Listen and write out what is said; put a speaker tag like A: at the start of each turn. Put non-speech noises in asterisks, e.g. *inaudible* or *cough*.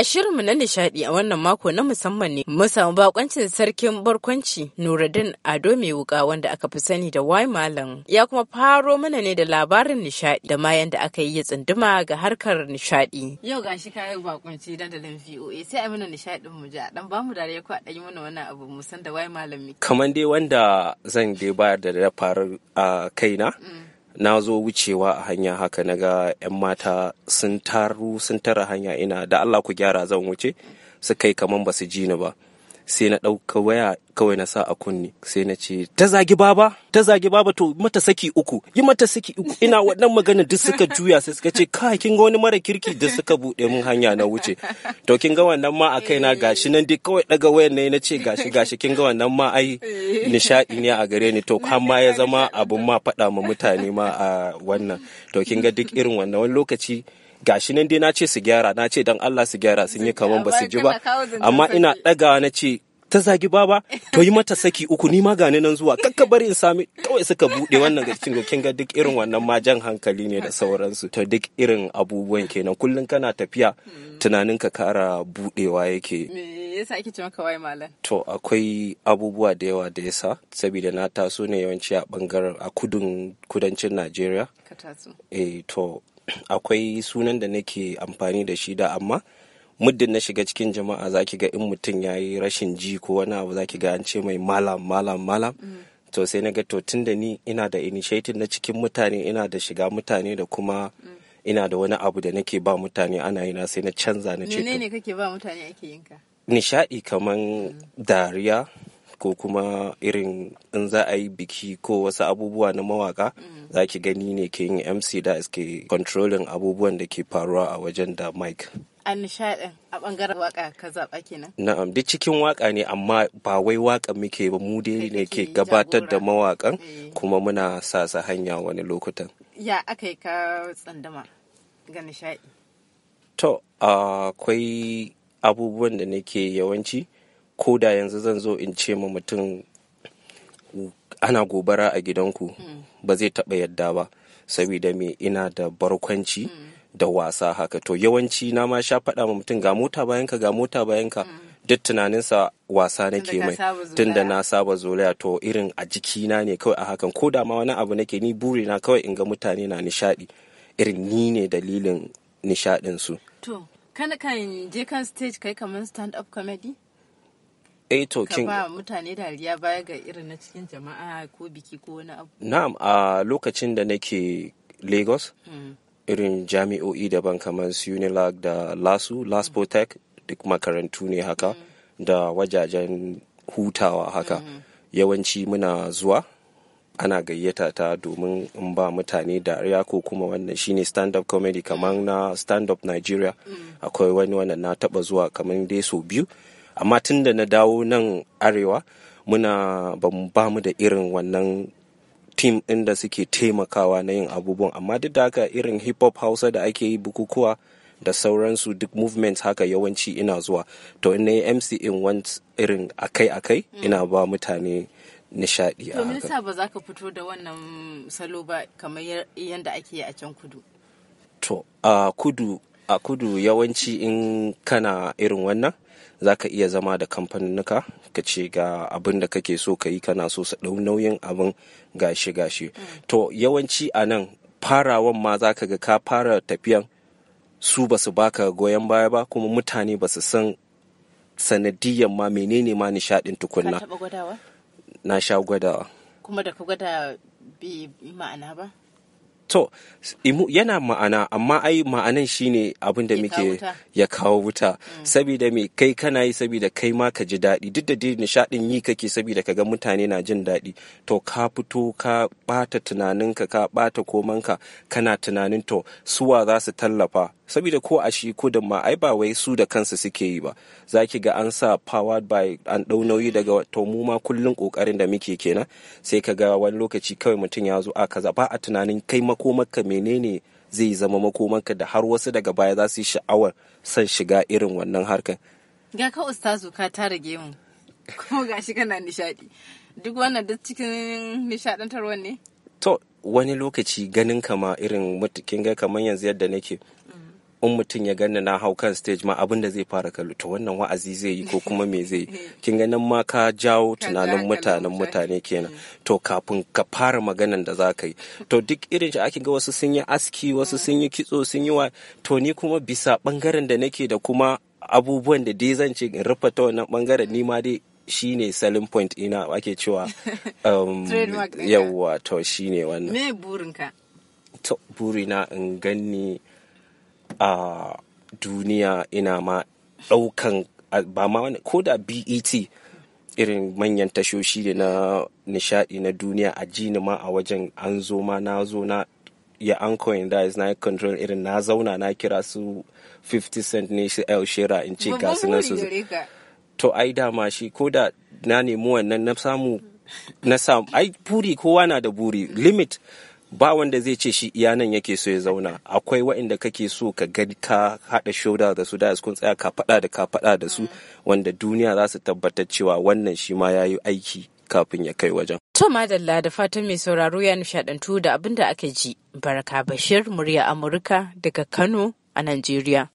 A: A shirinmu na nishadi a wannan mako na musamman ne mu samu bakoncin sarkin barkwanci Nuruddin Ado mai wuka wanda aka fi sani da Y Malam. Ya kuma faro mana ne da labarin nishadi da ma yanda aka yi ya tsunduma ga harkar nishadi. Yau gashi kayan bakonci da VOA sai a mana nishadin mu ja dan bamu dariya ko a dan mana wannan abu mu da Y Malam.
B: Kaman dai wanda zan dai bayar da da faru a kaina. Mm. na zo wucewa a hanya haka na ga 'yan mata sun taru sun tara hanya ina da allah ku gyara zan wuce su kai kamar ba su ji ni ba sai na ɗauka waya kawai na sa a kunni sai na ce ta zagi baba ta zagi baba to mata saki uku yi mata saki uku ina wannan magana duk suka juya sai suka ce kai kin ga wani mara kirki duk suka buɗe mun hanya na wuce to kin ga wannan ma a kaina gashi nan dai kawai daga wayan ne na ce gashi gashi kin ga wannan ma ai nishadi ne a gare ni to har ma ya zama abun ma faɗa ma mutane ma a wannan to kin ga duk irin wannan wani lokaci gashi nan dai na ce su gyara na ce dan Allah su gyara sun yi kaman ba su ji ba amma ina ɗagawa na ce ta zagi baba to yi mata saki uku ni ma gani nan zuwa kakka bari in sami kawai suka bude wannan ga ga gokin ga duk irin wannan ma jan hankali ne da sauransu to duk irin abubuwan kenan kullun kana tafiya tunanin ka kara budewa yake
A: yasa ake ce maka wai malam
B: to akwai abubuwa da yawa da yasa saboda na taso ne yawanci a bangaren a kudun kudancin Najeriya ka taso eh to akwai sunan da nake amfani da shi da amma muddin na shiga cikin jama'a za ga in mutum ya yi rashin ji ko wani abu za ga an ce mai malam malam malam mm. to sai na ga to tun da ni ina da initiative na cikin mutane ina da shiga mutane da kuma mm. ina da wani abu da nake ba mutane ana yi na sai na canza na ce ne
A: kake ba mutane ake yinka
B: nishadi kaman mm. dariya ko kuma irin in za a yi biki ko wasu abubuwa na mawaka mm. za ki gani ne ke yin mc da ke controlling abubuwan da ke faruwa a wajen da Mike.
A: a nishaɗin a ɓangaren waka ka zaɓa kenan?
B: Na'am, duk cikin waka ne amma ba wai waka muke ba mu dai ne ke gabatar da mawakan eh. kuma muna sa sa hanya wani lokutan.
A: Ya aka yi ka tsandama ga nishaɗi?
B: To, akwai abubuwan da nake yawanci ko da yanzu zan zo in ce ma mutum ana gobara a gidanku mm. ba zai taɓa yadda ba saboda me ina da barkwanci mm. da wasa haka to yawanci na ma sha faɗa ma mutum ga mota bayanka ga mota bayanka mm. duk tunaninsa wasa nake mai tun da na saba zolaya to irin a jikina ne kawai a hakan ko da ma wani abu nake ni buri na kawai in ga mutane na nishaɗi irin ni ne dalilin nishaɗinsu.
A: to kan je kan stage kai kamar stand up comedy
B: eh to kin ba
A: mutane dariya baya ga irin na cikin jama'a ko biki ko wani abu
B: na'am a lokacin da nake lagos hmm. irin jami'o'i daban kamar su unilag da lasu laspotec hmm. duk makarantu ne haka hmm. da wajajen hutawa haka yawanci muna zuwa ana gayyata ta domin in ba mutane dariya ko kuma wannan shine stand-up comedy kamar na stand-up nigeria akwai wani wannan na taba zuwa kamar dai sau biyu amma tun da na dawo nan arewa muna ba mu da irin wannan tim ɗin da suke taimakawa na yin abubuwan amma duk da haka irin hip hop hausa da ake yi bukukuwa da sauransu duk movements haka yawanci ina zuwa to in yi mc in want irin akai-akai mm. ina ba mutane nishadi a haka. ba
A: za ka fito da wannan salo ba kamar yadda ake yi a can kudu?
B: To, a kudu a kudu yawanci in kana irin wannan za ka iya zama da kamfanunuka ka ce ga abin da kake so ka yi kana so su nauyin abin gashi gashi to yawanci a nan farawan ma za ka ga ka fara tafiyan su ba su baka goyon baya ba kuma mutane ba su san sanadiyan ma menene ma nishaɗin tukunna na sha gwadawa
A: kuma da ka gwada bi ma'ana ba
B: to yana ma'ana amma ai ma'anan shine abin da muke ya kawo wuta mm. saboda me kai kana yi saboda kai ma ka ji daɗi duk da dai nishaɗin yi kake saboda ka ga mutane na jin daɗi to ka fito ka ɓata tunaninka ka ɓata komanka kana tunanin to suwa za su tallafa saboda ko a shi ko da ma ai ba wai su da kansu suke yi ba zaki ga an sa powered by an ɗau nauyi daga to mu ma kullun ƙoƙarin da muke kenan sai ka ga wani lokaci kawai mutum ya zo a kaza ba a tunanin kai ma makomarka menene zai zama makomarka da har wasu daga baya za su yi sha'awar son shiga irin wannan harkar
A: ga ka ustazu ka tara gemu kuma gashi kana nishadi duk wannan duk cikin nishadantarwa ne
B: to wani lokaci ganin kama irin mutukin ga kamar yanzu yadda nake in mutum ya gani na hau kan stage ma abin da zai fara kallo to wannan wa'azi zai yi ko kuma me zai *laughs* kin nan ma ka jawo tunanin mutanen mutane kenan mm. to kafin ka fara maganan da zaka yi to duk irin shi ake ga wasu sun yi aski wasu sun yi mm. kitso sun yi wa to ni kuma bisa bangaren da nake da kuma abubuwan da dai zan ce in rufa ta wannan bangaren ni ma dai shi ne selling point ina ake cewa *laughs* um, yawwa to shi wannan me burinka to burina in gani a duniya ina ma ɗaukan ba ma wani ko da bet irin manyan tashoshi ne na nishadi na duniya a jini ma a wajen an zo ma na zo na ya an koyin da na control irin na zauna na kira su 50 cent ne shi el shera in ce ga su nan su to ai dama shi ko da na nemi wannan na samu na samu ai buri kowa na da buri limit ba wanda zai ce shi iya nan yake so ya zauna akwai waɗanda kake so ka gani ka haɗa shoda da su da kun tsaya ka faɗa da ka faɗa da su wanda duniya za su tabbatar cewa wannan shi ma ya yi aiki kafin ya kai wajen.
A: To madalla da fatan mai sauraro ya nishaɗantu da abin da aka ji. Baraka Bashir, murya Amurka daga Kano a Najeriya.